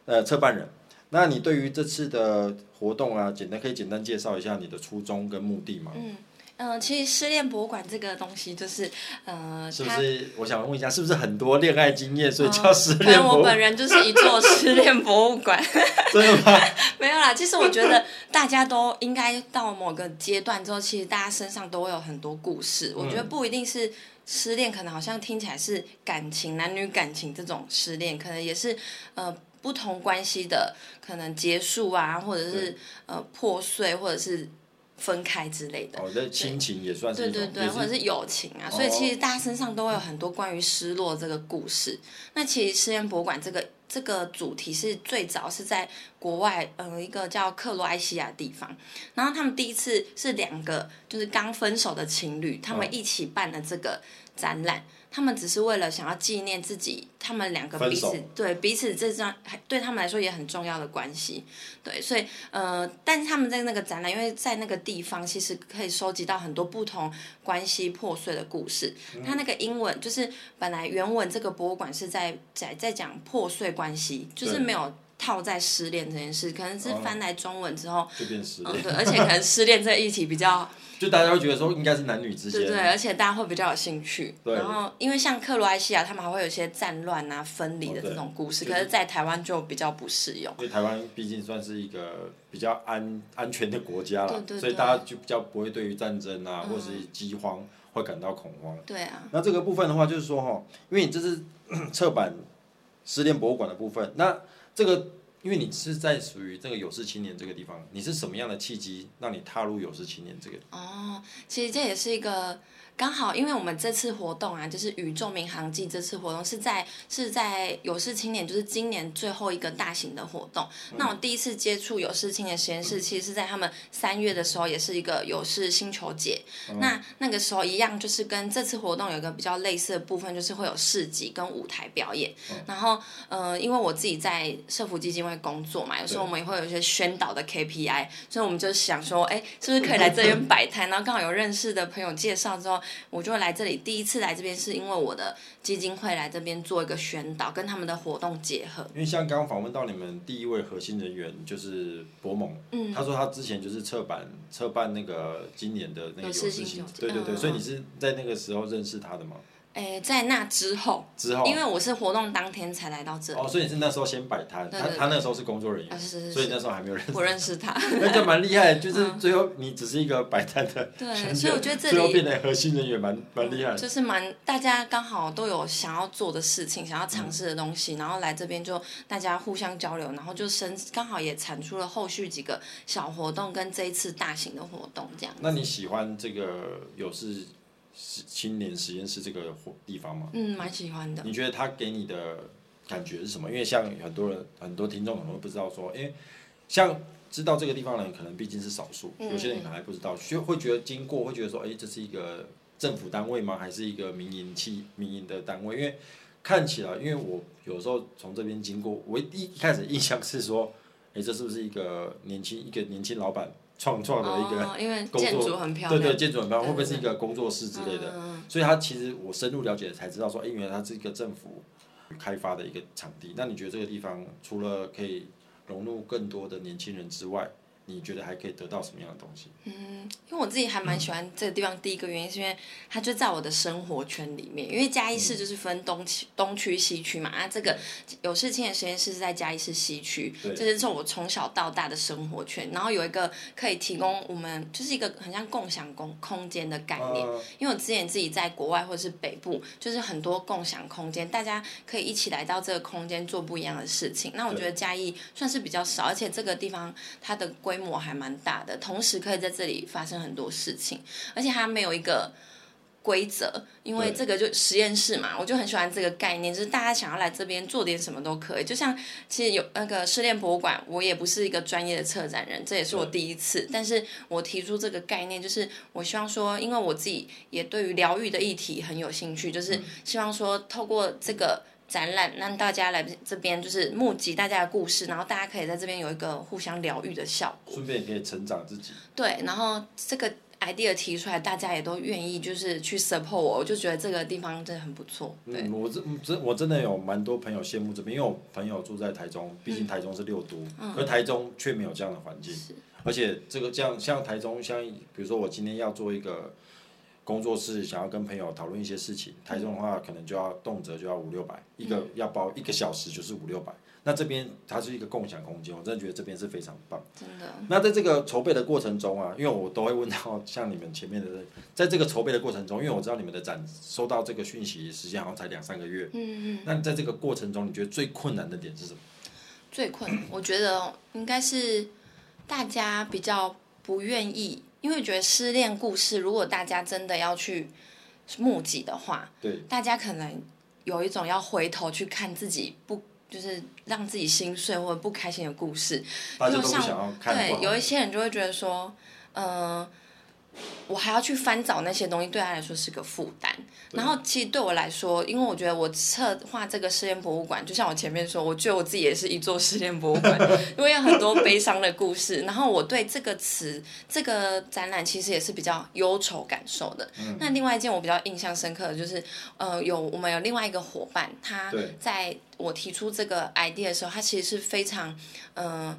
呃，策辦人，那你對於這次的活動啊，簡單可以簡單介紹一下你的初衷跟目的嗎？嗯嗯、呃，其實失戀博物館這個東西就是，呃，是不是？他我想問一下，是不是很多戀愛經驗，嗯哦、所以叫失戀博物館？我本人就是一座失戀博物館， 真的嗎？沒有啦，其實我覺得大家都應該到某個階段之後，其實大家身上都有很多故事。我覺得不一定是失戀，可能好像聽起來是感情、男女感情這種失戀，可能也是呃，不同關係的可能結束啊，或者是對呃破碎，或者是分開之類的。哦，那親情也算是一種對，對對對，或者是友情啊。哦、所以其實大家身上都會有很多關於失落這個故事。哦、那其實失戀博物館這個這個主題是最早是在國外，嗯、呃，一個叫克羅埃西亞的地方。然後他們第一次是兩個就是剛分手的情侶，他們一起辦了這個展覽。嗯他們只是為了想要紀念自己，他們兩個彼此分手對彼此這段、對他們來說也很重要的關係，對，所以呃，但是他們在那個展覽，因為在那個地方其實可以收集到很多不同關係破碎的故事。嗯、他那個英文就是本來原文這個博物館是在在在講破碎關係，就是沒有。套在失戀這件事，可能是翻來中文之後，嗯、就變失戀、嗯。對，而且可能失戀這個議題比較， 就大家會覺得說應該是男女之間。對,對，而且大家會比較有興趣。對,對。然後，因為像克羅埃西亞，他們還會有一些戰亂啊、分離的這種故事，哦、對可是，在台灣就比較不適用、就是。因為台灣畢竟算是一個比較安安全的國家了，對對對所以大家就比較不會對於戰爭啊，嗯、或是饑荒會感到恐慌。對啊。那這個部分的話，就是說哈，因為你這是咳咳側板失戀博物館的部分，那。這個，因為你是在屬於這個有事青年這個地方，你是什麼樣的契機讓你踏入有事青年這個？哦，其實這也是一個。剛好，因為我們這次活動啊，就是宇宙謎航祭這次活動是在是在有事青年，就是今年最後一個大型的活動。那我第一次接觸有事青年實驗室，其實是在他們三月的時候，也是一個有事星球節。嗯、那那個時候一樣，就是跟這次活動有一個比較類似的部分，就是會有市集跟舞台表演。嗯、然後，嗯、呃，因為我自己在社福基金會工作嘛，有時候我們也會有一些宣導的 KPI，對所以我們就想說，哎，是不是可以來這邊擺攤？ 然後剛好有認識的朋友介紹之後。我就來這裡，第一次來這邊是因為我的基金會來這邊做一個宣導，跟他們的活動結合。因為像剛剛訪問到你們第一位核心人員就是博蒙，嗯，他說他之前就是策辦策辦那個今年的那個事情，事情對對對，嗯，所以你是在那個時候認識他的嗎？欸、在那之後，之後，因為我是活動當天才來到這裡，哦，所以你是那時候先擺攤，對對對，他他那時候是工作人員，是是是，所以那時候還沒有認識，我認識他， 那就蠻厲害，嗯、就是最後你只是一個擺攤的，對，所以我覺得這裡最後變得核心人員蠻蠻厲害的、嗯，就是蠻大家剛好都有想要做的事情，想要嘗試的東西，嗯、然後來這邊就大家互相交流，然後就生剛好也產出了後續幾個小活動跟這一次大型的活動這樣。那你喜歡這個有事青年實驗室這個地方嘛，嗯，蠻喜歡的。你覺得他給你的感覺是什麼？因為像很多人，很多聽眾可能不知道說，因、欸、為像知道這個地方的人可能畢竟是少數，有些人可能還不知道，會會覺得經過會覺得說，誒、欸，這是一個政府單位嗎？還是一個民營企民營的單位？因為看起來，因為我有時候從這邊經過，我一一開始印象是說，誒、欸，這是不是一個年輕一個年輕老闆？創創的一個工作，對對，建築很漂亮，對對，建築很漂亮，會不會是一個工作室之類的？所以它其實我深入了解，才知道說，因為它是一個政府開發的一個場地。那你覺得這個地方除了可以融入更多的年輕人之外，你覺得還可以得到什麼樣的東西？嗯，因為我自己還蠻喜歡這個地方。第一個原因是、嗯、因為它就在我的生活圈裡面，因為嘉義市就是分東區、嗯、東區、西區嘛。那、嗯啊、這個有事情的實驗室是在嘉義市西區，對就是我從小到大的生活圈。然後有一個可以提供我們，嗯、就是一個很像共享空空間的概念。呃、因為我之前自己在國外或者是北部，就是很多共享空間，大家可以一起來到這個空間做不一樣的事情。對那我覺得嘉義算是比較少，而且這個地方它的規模還蠻大的，同時可以在這裡發生很多事情，而且它沒有一個規則，因為這個就實驗室嘛，對我就很喜歡這個概念，就是大家想要來這邊做點什麼都可以。就像其實有那個失戀博物館，我也不是一個專業的策展人，這也是我第一次，對但是我提出這個概念，就是我希望說，因為我自己也對於療癒的議題很有興趣，就是希望說透過這個。展覽讓大家來這邊，就是募集大家的故事，然後大家可以在這邊有一個互相療癒的效果，順便也可以成長自己。對，然後這個 idea 提出來，大家也都願意，就是去 support 我，我就覺得這個地方真的很不錯。對，嗯、我真真我真的有蠻多朋友羨慕這邊，因為我朋友住在台中，畢竟台中是六都，而、嗯、台中卻沒有這樣的環境，是而且這個這樣像台中，像比如說我今天要做一個。工作室想要跟朋友討論一些事情，台中的話可能就要動輒就要五六百，一個要包一個小時就是五六百。嗯、那這邊它是一個共享空間，我真的覺得這邊是非常棒。真的。那在這個籌備的過程中啊，因為我都會問到像你們前面的人，在這個籌備的過程中，因為我知道你們的展，嗯、收到這個訊息時間好像才兩三個月。嗯嗯。那在這個過程中，你覺得最困難的點是什麼？最困難，我覺得應該是大家比較不願意。因為覺得失戀故事，如果大家真的要去募集的話，對大家可能有一種要回頭去看自己不，就是讓自己心碎或者不開心的故事。大家就都不想要看的話。對，有一些人就會覺得說，嗯、呃。我還要去翻找那些東西，對他來說是個負擔。然後其實對我來說，因為我覺得我策劃這個失戀博物館，就像我前面說，我覺得我自己也是一座失戀博物館，因為有很多悲傷的故事。 然後我對這個詞、這個展覽其實也是比較憂愁感受的。嗯。那另外一件我比較印象深刻的，就是呃，有我們有另外一個夥伴，他在我提出這個 idea 的時候，他其實是非常嗯。呃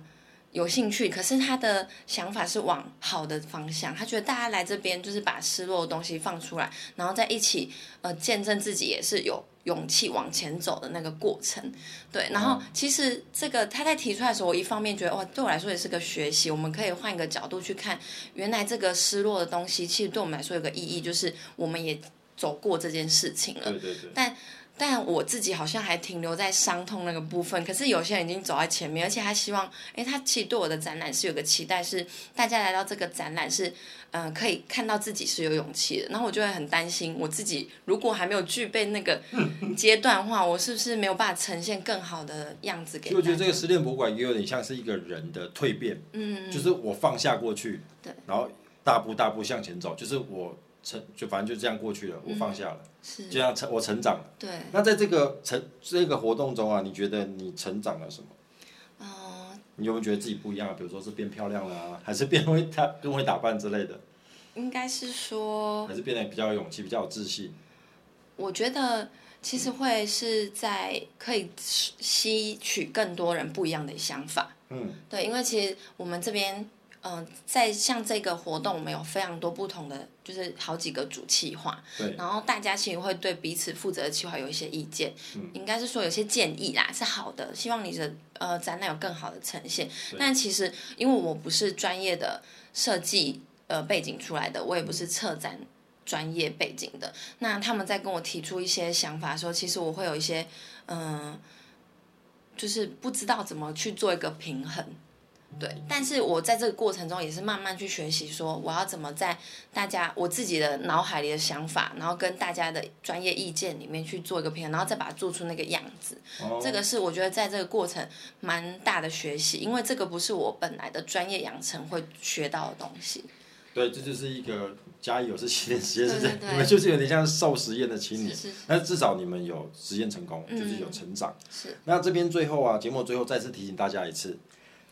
有興趣，可是他的想法是往好的方向。他覺得大家來這邊就是把失落的東西放出來，然後再一起，呃，見證自己也是有勇氣往前走的那個過程。對，然後其實這個他在提出來的時候，我一方面覺得哇、哦，對我來說也是個學習。我們可以換一個角度去看，原來這個失落的東西，其實對我們來說有個意義，就是我們也走過這件事情了。對對對，但。但我自己好像還停留在傷痛那個部分，可是有些人已經走在前面，而且他希望，哎，他其實對我的展覽是有個期待，是大家來到這個展覽是，嗯、呃，可以看到自己是有勇氣的。然後我就會很擔心，我自己如果還沒有具備那個階段的話， 我是不是沒有辦法呈現更好的樣子給？我覺得這個失戀博物館也有點像是一個人的蛻變，嗯，就是我放下過去，嗯、對，然後大步大步向前走，就是我。成就反正就這樣過去了，我放下了，嗯、是，就像成我成長了，對。那在這個成這個活動中啊，你覺得你成長了什麼？嗯、呃。你有沒有覺得自己不一樣、啊？比如說是變漂亮了、啊，還是變會打變會打扮之類的？應該是說。還是變得比較有勇氣，比較有自信。我覺得其實會是在可以吸吸取更多人不一樣的想法。嗯。對，因為其實我們這邊。嗯、呃，在像這個活動，我們有非常多不同的，就是好幾個主企劃。對然後大家其實會對彼此負責的企劃有一些意見，嗯、應該是說有些建議啦，是好的，希望你的呃展覽有更好的呈現。對但其實因為我不是專業的設計呃背景出來的，我也不是策展專業背景的，嗯、那他們在跟我提出一些想法說，其實我會有一些嗯、呃，就是不知道怎麼去做一個平衡。對，但是我在這個過程中也是慢慢去學習，說我要怎麼在大家我自己的腦海裡的想法，然後跟大家的專業意見裡面去做一個片，然後再把它做出那個樣子。哦、這個是我覺得在這個過程蠻大的學習，因為這個不是我本來的專業養成會學到的東西。對，這就是一個有事青年實驗室。對對對，你們就是有點像受實驗的青年，那至少你們有實驗成功，就是有成長。嗯、是。那這邊最後啊，節目最後再次提醒大家一次。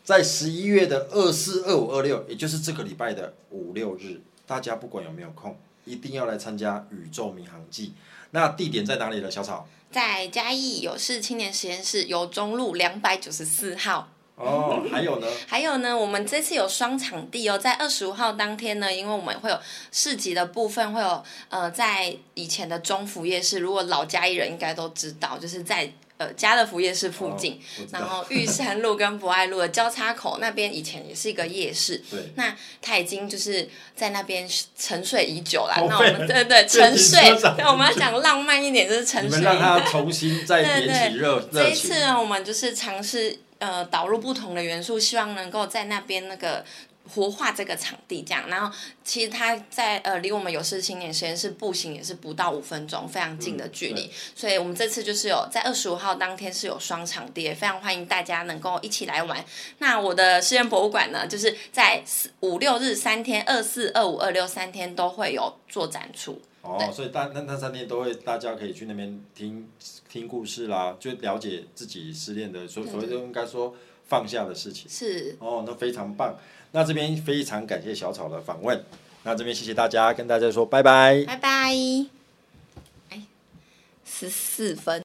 在十一月的二四、二五、二六，也就是這個禮拜的五六日，大家不管有沒有空，一定要來參加《宇宙謎航祭》。那地點在哪裡呢？小草在嘉義有事青年實驗室，友忠路兩百九十四號。哦，還有呢？ 還有呢？我們這次有雙場地哦，在二十五號當天呢，因為我們會有市集的部分，會有呃，在以前的中福夜市，如果老嘉義人應該都知道，就是在。家樂福夜市附近，哦、然後玉山路跟博愛路的交叉口 那邊，以前也是一個夜市。對，那它已經就是在那邊沉睡已久啦。對那我們對對,對,對,對沉睡，我們要講浪漫一點，就是沉睡。我們讓它重新再熱情。這一次我們就是嘗試呃導入不同的元素，希望能夠在那邊那個。活化這個場地，這樣，然後其實它在呃離我們有事青年實驗室步行也是不到五分鐘，非常近的距離。嗯、所以，我們這次就是有在二十五號當天是有雙場地，非常歡迎大家能夠一起來玩。那我的失戀博物館呢，就是在四五六日三天，二四二五二六三天都會有做展出。哦，所以大那那三天都會，大家可以去那邊聽聽故事啦，就了解自己失戀的所所以所都應該說放下的事情。是對哦，那非常棒。那這邊非常感謝小草的訪問，那這邊謝謝大家，跟大家說拜拜，拜拜，哎，十四分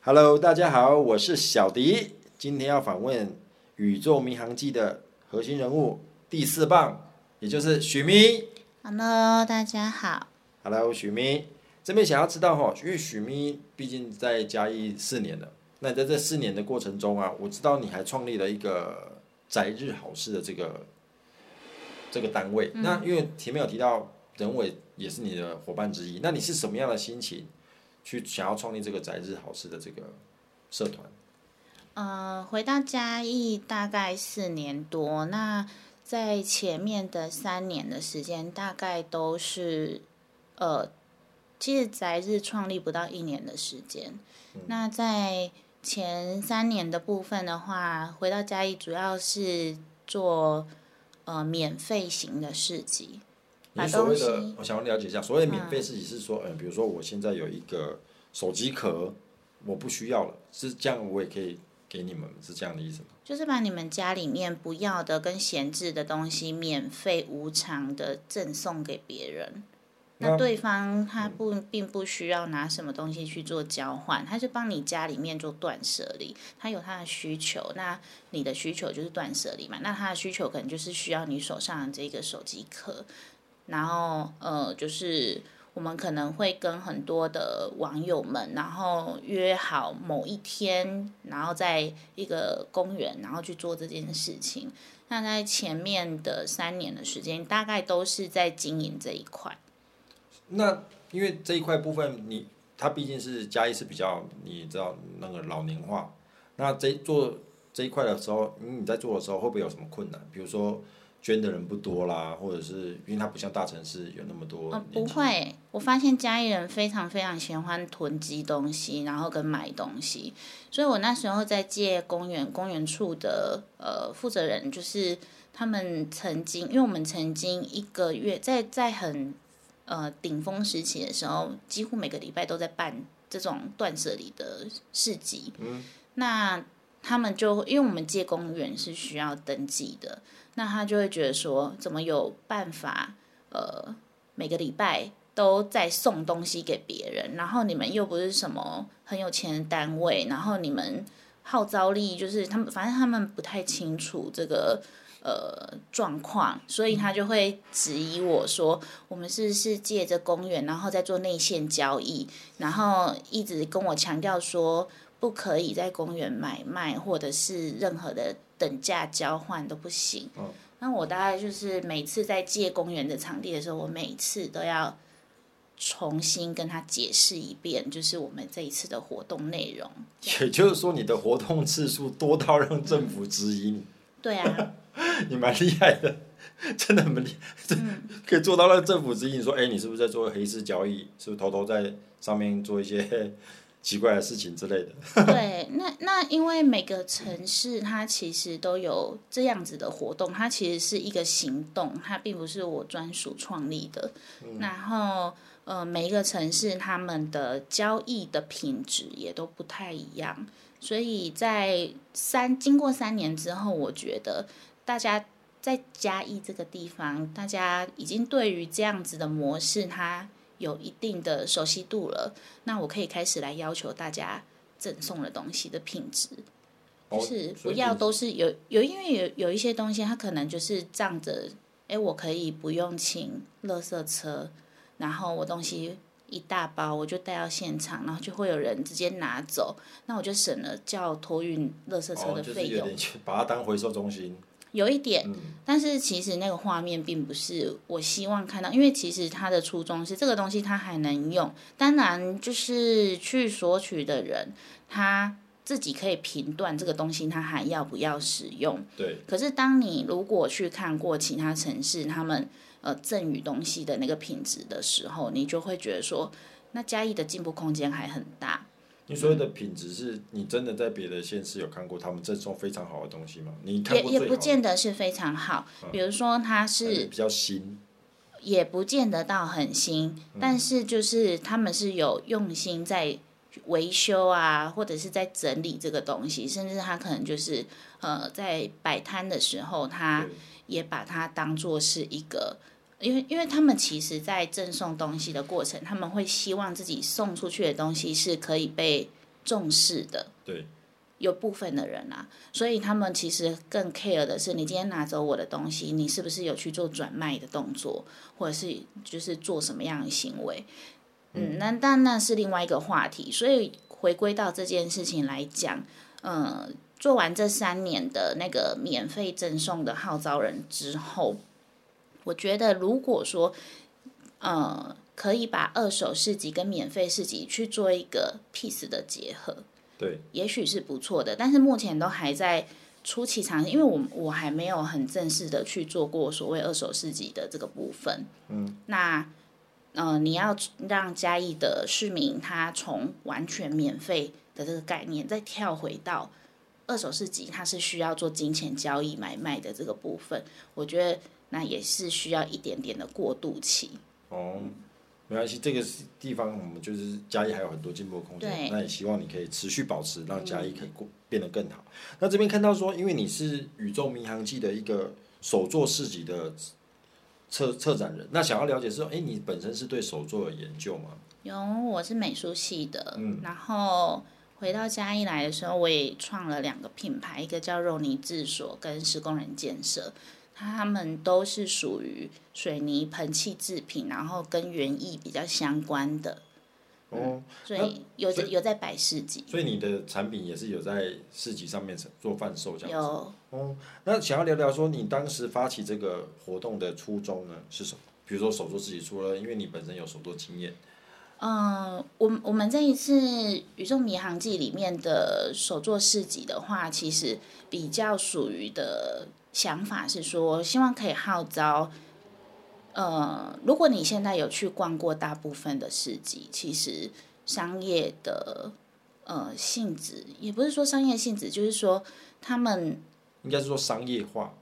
，Hello，大家好，我是小迪，今天要訪問《宇宙迷航祭》的核心人物第四棒，也就是許咪。Hello，大家好。Hello，許咪。這邊想要知道哈，因為許咪畢竟在嘉義四年了，那你在這四年的過程中啊，我知道你還創立了一個宅日好市的這個這個單位。嗯、那因為前面有提到，任偉也是你的夥伴之一，那你是什麼樣的心情，去想要創立這個宅日好市的這個社團？嗯、呃，回到嘉義大概四年多，那在前面的三年的時間，大概都是呃。其實宅日創立不到一年的時間，嗯、那在前三年的部分的話，回到家裡主要是做呃免費型的市集。你所謂的，我想要了解一下，所謂的免費市集是說，嗯、呃，比如說我現在有一個手機殼，我不需要了，是這樣，我也可以給你們，是這樣的意思嗎？就是把你們家裡面不要的跟閒置的東西，免費無償的贈送給別人。那對方他不並不需要拿什麼東西去做交換，他是幫你家裡面做斷舍離，他有他的需求，那你的需求就是斷舍離嘛。那他的需求可能就是需要你手上的這個手機殼，然後呃，就是我們可能會跟很多的網友們，然後約好某一天，然後在一個公園，然後去做這件事情。那在前面的三年的時間，大概都是在經營這一塊。那因為這一塊部分，你它畢竟是嘉義是比較，你知道那個老齡化。那這做這一塊的時候，嗯，你在做的時候會不會有什麼困難？比如說捐的人不多啦，或者是因為它不像大城市有那麼多。哦。不會欸。我發現嘉義人非常非常喜歡囤積東西，然後跟買東西。所以我那時候在借公園，公園處的呃負責人就是他們曾經，因為我們曾經一個月在在很。呃，頂峰時期的時候，幾乎每個禮拜都在辦這種斷舍離的市集。嗯，那他們就因為我們借公園是需要登記的，那他就會覺得說，怎麼有辦法？呃，每個禮拜都在送東西給別人，然後你們又不是什麼很有錢的單位，然後你們號召力就是他們，反正他們不太清楚這個。呃，狀況，所以他就會質疑我說，我們是不是是借着公園，然後再做內線交易？然後一直跟我強調說，不可以在公園買賣，或者是任何的等價交換都不行。哦。那我大概就是每次在借公園的場地的時候，我每次都要重新跟他解釋一遍，就是我們這一次的活動內容。也就是說，你的活動次數多到讓政府質疑你。嗯。對啊。 你蠻厲害的，真的很厲害，真的可以做到那個政府指引說：“哎、欸，你是不是在做黑市交易？是不是偷偷在上面做一些奇怪的事情之類的？”對，那那因為每個城市它其實都有這樣子的活動，它其實是一個行動，它並不是我專屬創立的。嗯、然後，呃，每一個城市他們的交易的品質也都不太一樣，所以在三經過三年之後，我覺得。大家在嘉義這個地方，大家已經對於這樣子的模式，它有一定的熟悉度了。那我可以開始來要求大家贈送的東西的品質，哦、就是不要都是有有，因為有有一些東西，它可能就是仗着哎、欸，我可以不用請垃圾車，然後我東西一大包，我就帶到現場，然後就會有人直接拿走，那我就省了叫托運垃圾車的費用，哦就是、把它當回收中心。有一點，但是其實那個畫面並不是我希望看到，因為其實他的初衷是這個東西他還能用，當然就是去索取的人他自己可以評斷這個東西他還要不要使用。對，可是當你如果去看過其他城市他們呃贈予東西的那個品質的時候，你就會覺得說，那嘉義的進步空間還很大。你說的品質是你真的在別的縣市有看過他們贈送非常好的東西嗎？也也不見得是非常好，比如說它是比較新，嗯、也不見得到很新，但是就是他們是有用心在維修啊，或者是在整理這個東西，甚至他可能就是呃在擺攤的時候，他也把它當做是一個。因為，因為他們其實，在贈送東西的過程，他們會希望自己送出去的東西是可以被重視的。對，有部分的人啊，所以他們其實更 care 的是，你今天拿走我的東西，你是不是有去做轉賣的動作，或者是就是做什麼樣的行為？嗯，那、嗯、但那是另外一個話題。所以回歸到這件事情來講，嗯，做完這三年的那個免費贈送的號召人之後。我覺得，如果說，呃，可以把二手市集跟免費市集去做一個 piece 的結合，對，也許是不錯的。但是目前都還在初期嘗試，因為我我還沒有很正式的去做過所謂二手市集的這個部分。嗯，那呃，你要讓嘉義的市民他從完全免費的這個概念，再跳回到二手市集，他是需要做金錢交易買賣的這個部分，我覺得。那也是需要一點點的過渡期哦。沒關係，這個地方我們就是嘉義還有很多進步空間。對那也希望你可以持續保持，讓嘉義可以過、嗯、變得更好。那這邊看到說，因為你是《宇宙迷航祭》的一個手作市集的策策展人，那想要了解說，哎、欸，你本身是對手作有研究嗎？有，我是美術系的，嗯，然後回到嘉義來的時候，我也創了兩個品牌，一個叫肉泥製所，跟施工人建設。它們都是屬於水泥盆器制品，然後跟園藝比較相關的哦、嗯。所以有在以有在擺市集，所以你的產品也是有在市集上面做販售這樣子。有哦，那想要聊聊說你當時發起這個活動的初衷呢是什麼？比如說手作市集，除了因為你本身有手作經驗，嗯，我我們這一次《宇宙迷航祭》裡面的手作市集的話，其實比較屬於的。想法是說，希望可以號召。呃，如果你現在有去逛過大部分的市集，其實商業的呃性質，也不是說商業性質，就是說他們應該是說商業化、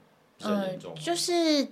呃、比較嚴重，就是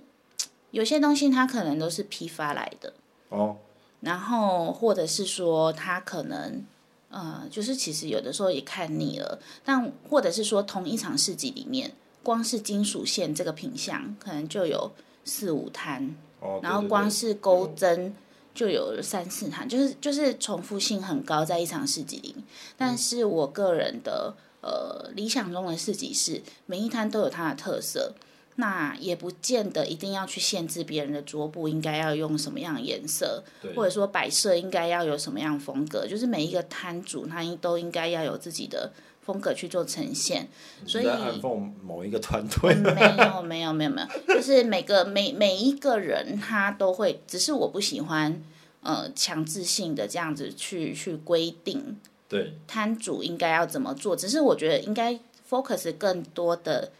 有些東西它可能都是批發來的哦，然後或者是說他可能呃，就是其實有的時候也看膩了，但或者是說同一場市集裡面。光是金屬線這個品相，可能就有四五攤，哦、對對對然後光是鈎針就有三四攤，嗯、就是就是重複性很高在一場市集裡。但是我個人的呃理想中的市集是每一攤都有它的特色，那也不見得一定要去限制別人的桌布應該要用什麼樣的顏色，對或者說擺設應該要有什麼樣的風格，就是每一個攤主他應都應該要有自己的。風格去做呈現，所以你某一個團隊沒有沒有沒有沒有，就是每個每每一個人他都會，只是我不喜歡呃強制性的這樣子去去規定，對攤主應該要怎麼做，只是我覺得應該 focus 更多的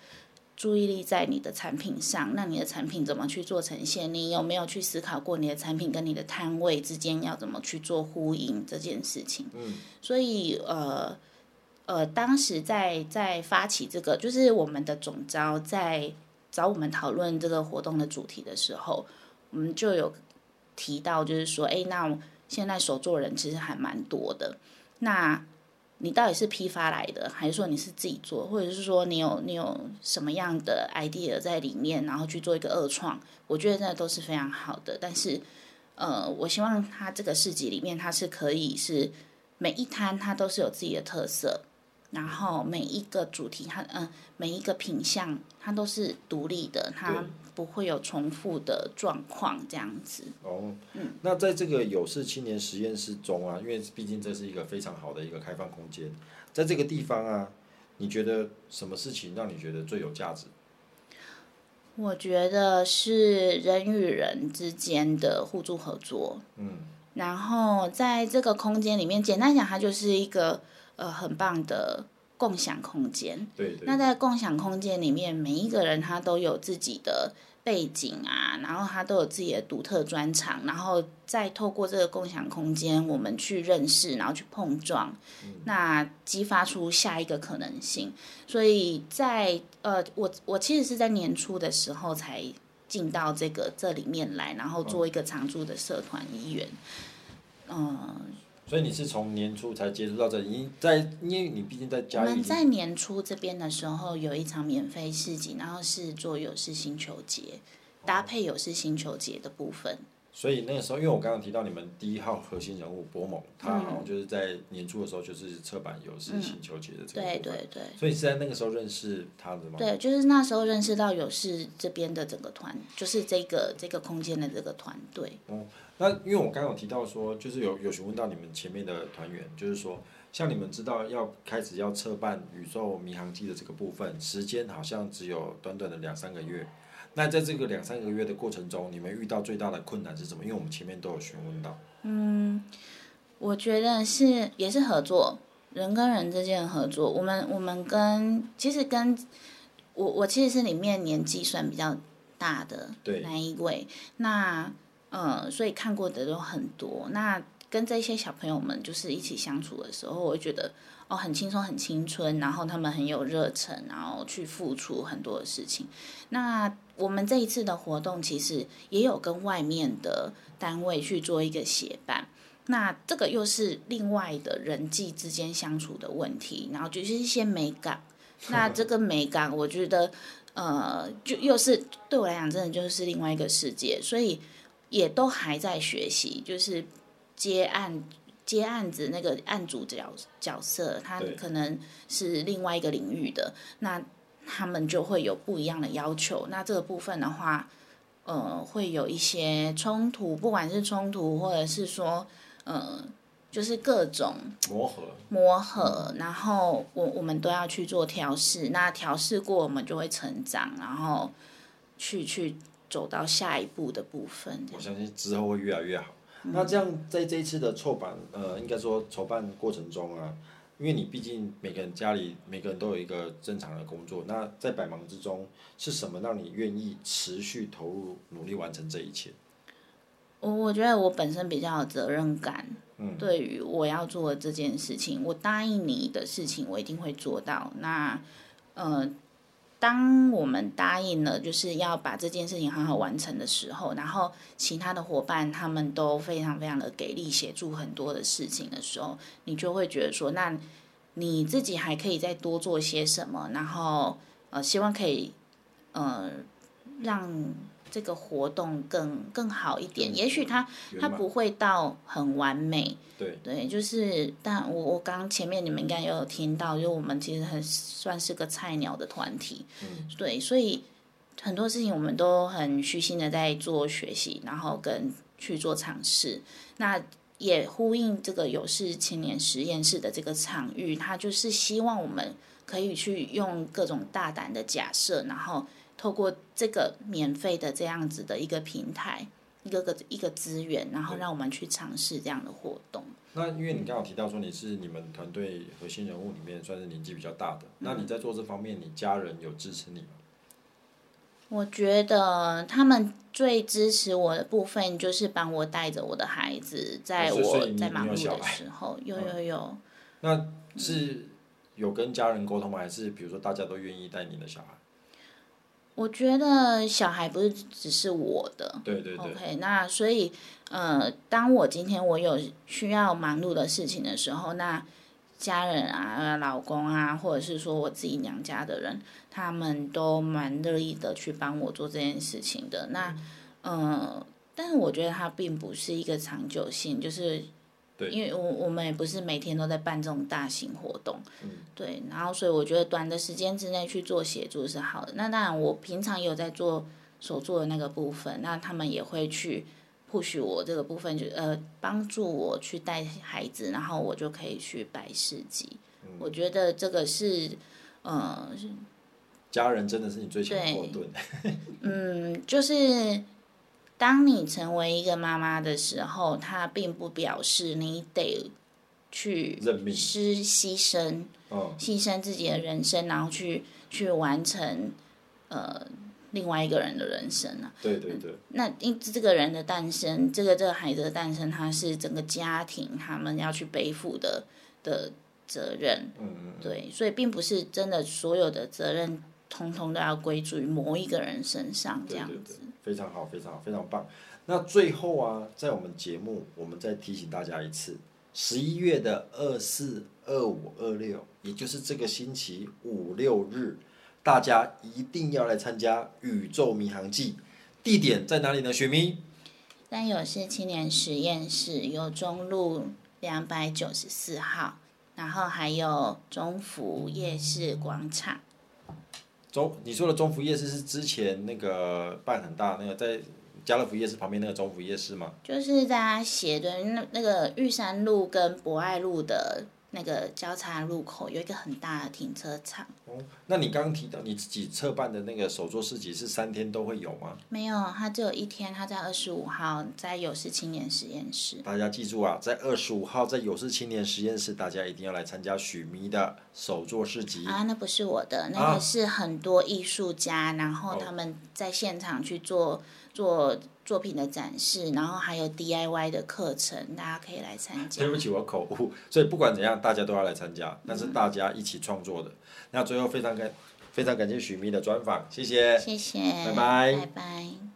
注意力在你的產品上，那你的產品怎麼去做呈現，你有沒有去思考過你的產品跟你的攤位之間要怎麼去做呼應這件事情？嗯，所以呃。呃，當時在在發起這個，就是我們的總召在找我們討論這個活動的主題的時候，我們就有提到，就是說，哎，那現在手作人其實還蠻多的。那你到底是批發來的，還是說你是自己做，或者是說你有你有什麼樣的 idea 在裡面，然後去做一個二創？我覺得那都是非常好的。但是，呃，我希望它這個市集裡面，它是可以是每一攤它都是有自己的特色。然後每一個主題，它、呃、嗯，每一個品項它都是獨立的，它不會有重複的狀況這樣子。哦，嗯。那在這個有事青年實驗室中啊，因為畢竟這是一個非常好的一個開放空間，在這個地方啊，你覺得什麼事情讓你覺得最有價值？我覺得是人與人之間的互助合作。嗯，然後在這個空間裡面，簡單講，它就是一個。呃，很棒的共享空間。對、對、對。那在共享空間裡面，每一個人他都有自己的背景啊，嗯、然後他都有自己的獨特專長，然後再透過這個共享空間，我們去認識，然後去碰撞，嗯、那激發出下一個可能性。所以在，在呃，我我其實是在年初的時候才進到這個這裡面來，然後做一個常駐的社團一員。嗯、哦。呃所以你是從年初才接觸到這，因在，因為你畢竟在家裡。家。我們在年初這邊的時候，有一場免費市集，然後是做有事星球節搭配有事星球節的部分、哦。所以那個時候，因為我剛剛提到你們第一號核心人物博蒙，他好像就是在年初的時候就是策辦有事星球節的這個、嗯。對對對。所以是在那個時候認識他的嗎？對，就是那時候認識到有事這邊的整個團，就是這個這個空間的這個團隊。對哦那因為我剛剛提到說，就是有有詢問到你們前面的團員，就是說，像你們知道要開始要策辦《宇宙迷航祭》的這個部分，時間好像只有短短的兩三個月。那在這個兩三個月的過程中，你們遇到最大的困難是什麼？因為我們前面都有詢問到。嗯，我覺得是也是合作，人跟人之間的合作。我們我們跟其實跟，我我其實是裡面年紀算比較大的那對一位。那嗯、呃，所以看過的都很多。那跟這些小朋友們就是一起相處的時候，我覺得哦，很輕鬆，很青春。然後他們很有熱忱，然後去付出很多的事情。那我們這一次的活動其實也有跟外面的單位去做一個協辦。那這個又是另外的人際之間相處的問題。然後就是一些美感。那這個美感，我覺得呃，就又是對我來講，真的就是另外一個世界。所以。也都還在學習，就是接案接案子那個案主角角色，他可能是另外一個領域的，對那他們就會有不一樣的要求。那這個部分的話，呃，會有一些衝突，不管是衝突，或者是說，呃，就是各種磨合，磨合，然後我我們都要去做調試。那調試過，我們就會成長，然後去去。走到下一步的部分，我相信之後會越來越好。嗯、那這樣在這一次的籌辦，呃，應該說籌辦過程中啊，因為你畢竟每個人家裡每個人都有一個正常的工作，那在百忙之中是什麼讓你願意持續投入努力完成這一切？我我覺得我本身比較有責任感，對於我要做的這件事情，嗯、我答應你的事情我一定會做到。那，呃。當我們答應了，就是要把這件事情好好完成的時候，然後其他的夥伴他們都非常非常的給力，協助很多的事情的時候，你就會覺得說，那你自己還可以再多做些什麼？然後呃，希望可以呃讓。這個活動更更好一點，也許它滿它不會到很完美。對，對，就是，但我我剛前面你們應該也有聽到，因為我們其實很算是個菜鳥的團體。嗯，對，所以很多事情我們都很虛心的在做學習，然後跟去做嘗試。那也呼應這個有事青年實驗室的這個場域，它就是希望我們可以去用各種大膽的假設，然後。透過這個免費的這樣子的一個平台，一個個一個資源，然後讓我們去嘗試這樣的活動。那因為你剛好提到說你是你們團隊核心人物裡面算是年紀比較大的，嗯、那你在做這方面，你家人有支持你嗎？我覺得他們最支持我的部分就是幫我帶着我的孩子，在我在忙碌的時候，嗯、有有有。那是有跟家人溝通嗎？還是比如說大家都願意帶你的小孩？我覺得小孩不是只是我的。對對對。OK，那所以，呃，當我今天我有需要忙碌的事情的時候，那家人啊、老公啊，或者是說我自己娘家的人，他們都蠻樂意的去幫我做這件事情的。嗯、那，呃，但是我覺得它並不是一個長久性，就是。對因為我我們也不是每天都在辦這種大型活動，嗯、對，然後所以我覺得短的時間之內去做協助是好的。那當然，我平常也有在做手作的那個部分，那他們也會去 push 我這個部分，就呃幫助我去帶孩子，然後我就可以去擺市集。嗯、我覺得這個是，嗯、呃，家人真的是你最強的後盾。對 嗯，就是。當你成為一個媽媽的時候，她並不表示你得去失犧牲，哦、犧牲自己的人生，然後去去完成呃另外一個人的人生啊。對對對、呃。那因這個人的誕生，這個這個孩子的誕生，他是整個家庭他們要去背負的的責任。嗯嗯。對，所以並不是真的所有的責任通通都要歸諸於某一個人身上這樣子。對對對非常好，非常好，非常棒。那最後啊，在我們節目，我們再提醒大家一次：十一月的二四、二五、二六，也就是這個星期五六日，大家一定要來參加《宇宙迷航祭》。地點在哪裡呢？學咪，三有事青年實驗室，友忠路兩百九十四號，然後還有中孚夜市廣場。中，你說的中福夜市是之前那個辦很大，那個在家樂福夜市旁邊那個中福夜市嗎？就是在斜對那那個玉山路跟博愛路的。那個交叉路口有一個很大的停車場。哦，那你剛剛提到你自己策辦的那個手作市集是三天都會有嗎？沒有，它只有一天，它在二十五號在有事青年實驗室。大家記住啊，在二十五號在有事青年實驗室，大家一定要來參加許迷的手作市集。啊，那不是我的，那個是很多藝術家，啊、然後他們在現場去做做。作品的展示，然後還有 DIY 的課程，大家可以來參加。對不起，我口誤，所以不管怎樣，大家都要來參加。但是大家一起創作的，嗯、那最後非常感非常感謝許咪的專訪，謝謝，謝謝，拜拜 bye，拜拜。